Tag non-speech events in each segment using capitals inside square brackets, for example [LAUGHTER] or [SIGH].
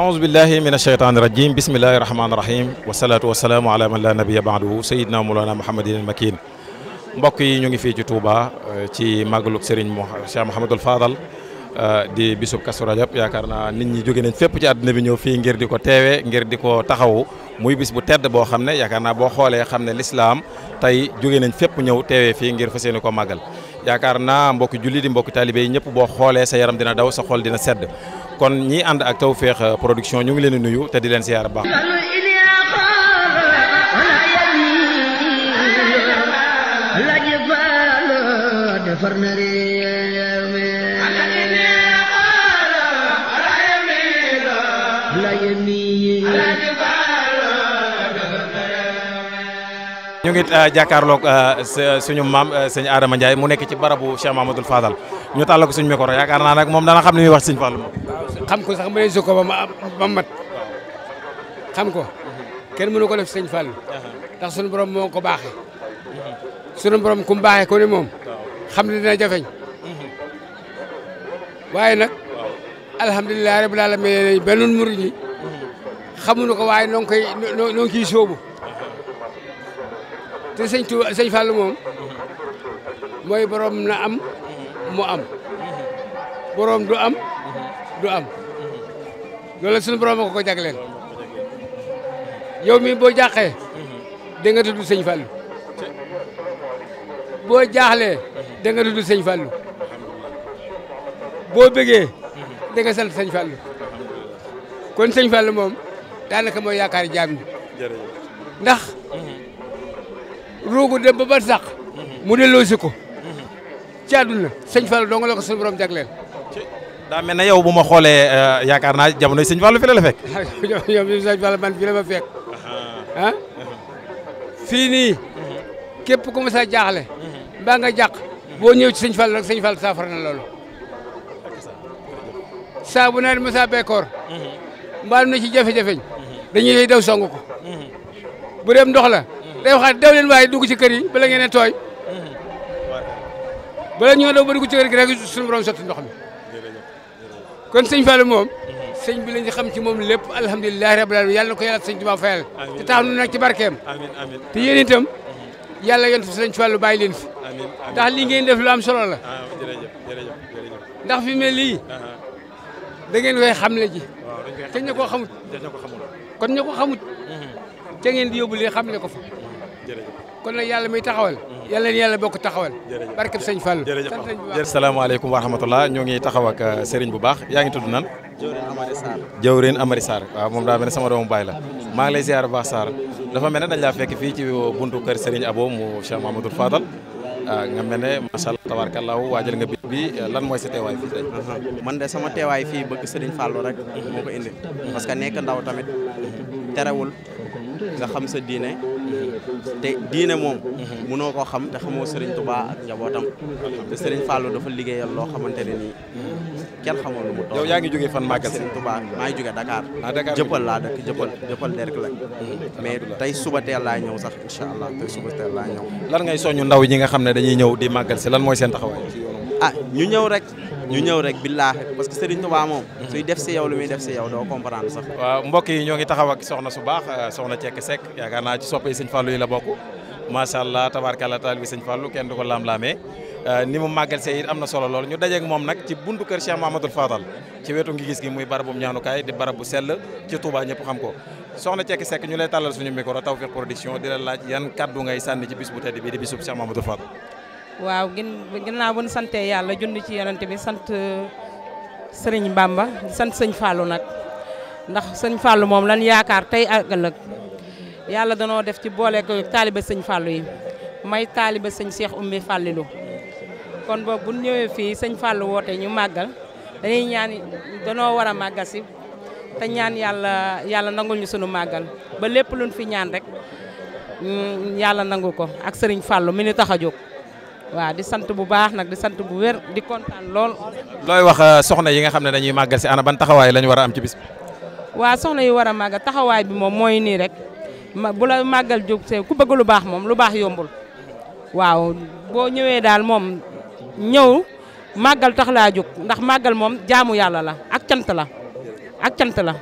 ahousubillahi min asheytaani irajim bismillahi rahmaani rahim wasalatu wasalaamu ala man la nabiya baadu sayidna moulana mouhamadin al makin mbokk yi ñu ngi fii ci Touba ci màggalug Serigne Cheikh Mouhamadul Fadal eh, di bisub Kazu Rajab yaakaar naa nit ñi jóge nañ fépp ci àdduna bi ñëw fii ngir di ko teewe ngir di ko taxawu muy bis bu tedd boo xam ne yaakaar naa boo xoolee xam ne lislaam tey jóge nañ fépp ñëw teewee fii ngir fas yéene ko màggal yaakaar naa mbokki julli di mbokki taalibé yi ñëpp boo xoolee sa yaram dina daw sa xol dina sedd kon ñi ànd ak feex production ñu ngi leen di nuyu te di leen siyaar baax ñu ngi euh, jàkkaarloog euh, suñu maam euh, sëñ Adama Ndiaye mu nekk ci barabu Cheikh Mahamadoul Fadal ñu tàll ko suñu micro yaakaar naa nag moom dana xam li muy wax sëñ Fallou xam ko sax mënee ko ba ma mat xam ko kenn mënu ko def sëñ Fallou ndax suñu borom moo ko baaxee suñu borom ku mu baaxee ko moom xam ne dina jafeñ waaye nag alhamdulilah rabbil alamin benn murid ñi xamuñu ko waaye noo ngi koy noo ngi te sëñ Tuuba moom mooy borom na am mu am borom du am du am loolu suñu borom a ko ko yow mi boo jàqee da nga tudd sëñ Fallou boo jaaxlee da nga tudd sëñ Fallou boo bëggee da nga sant sëñ Fallou kon sëñ Fallou moom daanaka mooy yaakaar jaam ñi ndax ruugu dem ba bar sax mu delloosi ko ci àdduna sëñ Fallou dong la ko suñu jagleel. daa mel ne yow bu ma xoolee eh, yaakaar naa jamono sëñ Fallou fi la la fekk. [LAUGHS] yow man fi ma fekk ah fii nii képp ku ma sa jaaxle mbaa nga jàq boo ñëw ci sëñ Fallou rek sëñ Fallou saafara na loolu saa na mhm. ci jafe-jafeñ mhm. dañuy daw song ko mhm. bu dem ndox la day waxaat daw leen i dugg ci kër yi bala ngeen a tooy bala ñoo daw ci kër gi rek suñu borom sotti ndox mi kon sëñ Fallou moom sëñ bi lañu xam ci moom lépp alhamdulilahi rabbil alamin yàlla na ko yàlla sëñ Tuubaa fayal te tax nu nag ci barkeem amiin amiin te yéen itam yàlla ngeen fi sëñ Fallou bàyyi leen fi ndax li ngeen def lu am solo la ah, ndax fi mel lii da ngeen koy xamle ji te ña ko xamut kon ña ko xamut mhm. te ngeen di yóbbu xam xamle ko fa kon nag yàlla muy taxawal yàlla na yàlla bokk taxawal barkeb sëñ Fall jërëjëf salaamaaleykum wa rahmatullah ñoo ngi taxaw ak uh, sëriñ bu baax yaa ngi tudd nan jawrin Amari Sarr jawrin Amari waaw moom daa mel ne sama doomu baay la maa ngi lay ziar bu baax Sarr dafa mel ne dañ laa fekk fii ci uh, buntu kër sëriñ Abo mu Cheikh Mamadou Fadal uh, nga mel ne macha allah tabarkallah waajal nga bis bi lan mooy si teewaay fii tey man de sama teewaay fii bëgg sëriñ Fallu rek moo ko indi parce que nekk ndaw tamit sa te diine moom mënoo ko xam te xamoo Serigne Touba ak njabootam te Serigne Fallou dafa liggéeyal loo xamante ne nii kenn xamoo lu mu toll yow yaa ngi fan màggal Serigne Touba maa ngi jógee Dakar jëppal ah, laa dëkk jëppal jëppal derk la mais tey suba teel laa ñëw sax incha allah tey suba teel laa ñëw lan ngay soññu ndaw ñi nga xam ne dañuy ñëw di màggal si lan mooy seen taxawaay ah ñu ñëw rek ñu ñëw rek billaahi parce que Serigne Touba moom suy def si yow lu muy def si yow doo comprendre sax waaw mbokk yi ñoo ngi taxaw ak soxna su baax euh, soxna Cekk Seck yaakaar naa ci soppe la bokk macha allah tabaarkalla taal bi sëñ Fallou kenn euh, na solo lool ñu dajeeg moom nag ci buntu gi muy barabum ñaanukaay di barab bu sell ci Touba ñëpp xam ko soxna Cekk Seck ñu lay tàllal suñu micro Tawfekh Production di la laaj yan kaddu ngay sànni ci bis bu tedd bi di bisub Cheikh Mamadou Fadal waaw gin ginnaaw bu ñu sante yàlla jund ci yonante bi sant euh, sëriñ Bamba di sant sëñ Fallou nag ndax sëñ Fallou moom lan yaakaar tey ak ëllëg yàlla danoo def ci boole ko taaliba sëñ Fallou yi may taaliba sëñ Cheikh ummi Fallilou kon boobu bu ñëwee fii sëñ Fallou woote ñu màggal dañuy ñaan danoo war a màggal si te ñaan yàlla yàlla nangu ñu sunu màggal ba lépp luñ fi ñaan rek mm, yàlla nangu ko ak sëriñ Fallou mi ñu tax a jóg waaw di sant bu baax nag di sant bu wér di kontaan lool. looy wax euh, soxna yi nga xam ne dañuy màggal si ana ban taxawaay lañu war a am ci bis bi. waaw soxna yi war a màggal taxawaay bi moom mooy nii rek ma bu la màggal jóg see ku bëgg lu baax moom lu baax yombul. waaw boo ñëwee daal moom ñëw màggal tax laa jóg ndax màggal moom jaamu yàlla la ak cant la ak cant la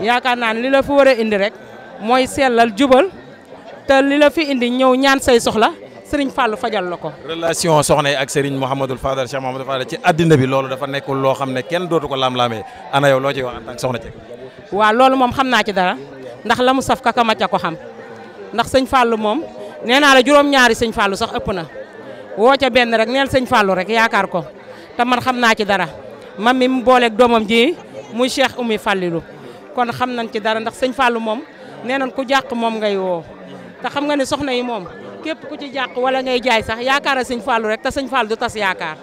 yaakaar naa ne li la fi war a indi rek mooy sellal jubal te li la fi indi ñëw ñaan say soxla. sëriñ Fallou fajal la ko. relation soxna yi ak sëriñ Mouhamadul Fadal Cheikh Mouhamadul Fadal ci àddina bi loolu dafa nekkul loo xam ne kenn dootu ko laam-laamee ana yow loo ciy wax en soxna Cek. waaw loolu moom xam naa ci dara ndax la mu saf kaka ma ca ko xam ndax sëñ Fallou moom nee naa la juróom-ñaari sëñ Fallou sax ëpp na woo ca benn rek neel sëñ Fallou rek yaakaar ko te man xam naa ci dara man mi mu booleeg doomam ji muy Cheikh Oumy Fallilou kon xam nañ ci dara ndax sëñ Fallou moom nee nañ ku jàq moom ngay woo te xam képp ku ci jàq wala ngay jaay sax yaakaar a sëñ Fallou rek te sëñ Fallou du tas yaakaar.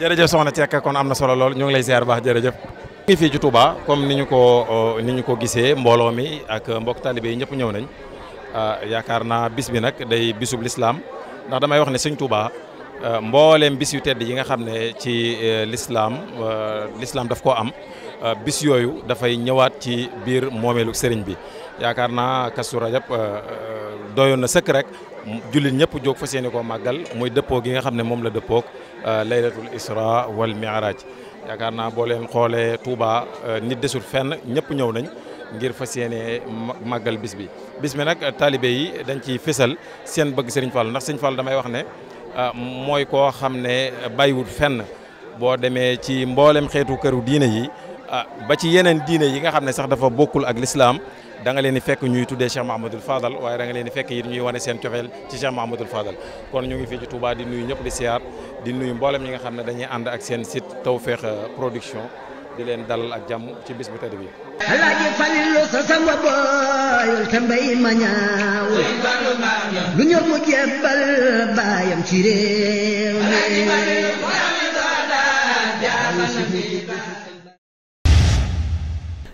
waaw soxna Cekk kon am na solo lool ñu ngi lay ziar baax jërëjëf. ñu ngi fii ci Touba comme ni ñu ko euh, ni ñu ko gisee mbooloo mi ak mbokk talibé yi ñëpp ñëw nañ ah, yaakaar naa bis bi nag day bisub lislaam ndax damay wax ne sëñ Touba euh, mbooleem bis yu tedd yi nga xam ne ci euh, lislaam lislaam daf ko am bis yooyu dafay ñëwaat ci biir moomeelu sëriñ bi yaakaar naa Kazu Rajab doyoon na sëkk rek jullit ñëpp jóg fas yéene koo màggal muy dëppoo gi nga xam ne moom la dëppoog euh, laylatul isra wal mi'raj yaakaar naa boo leen xoolee Touba euh, nit desul fenn ñëpp ñëw nañ ngir fa yéene màggal bis bi bis bi nag taalibe yi dañ ciy fésal seen bëgg Serigne Fall ndax Serigne Fall damay wax ne euh, mooy koo xam ne bàyyiwul fenn boo demee ci mboolem xeetu këru diine yi ba ci yeneen diine yi nga xam ne sax dafa bokkul ak lislaam da leen di fekk ñuy tuddee Cheikh Mahamadoul Fadal waaye da nga leen di fekk it ñuy wane seen cofeel ci Cheikh Mahamadoul Fadal kon ñu ngi fii ci Touba di nuyu ñëpp di siyaar di nuyu mboolem ñi nga xam ne dañuy ànd ak seen site Tawfekh Production di leen dalal ak jàmm ci bis bu bi te lu ñor mu jébbal baayam ci réew mi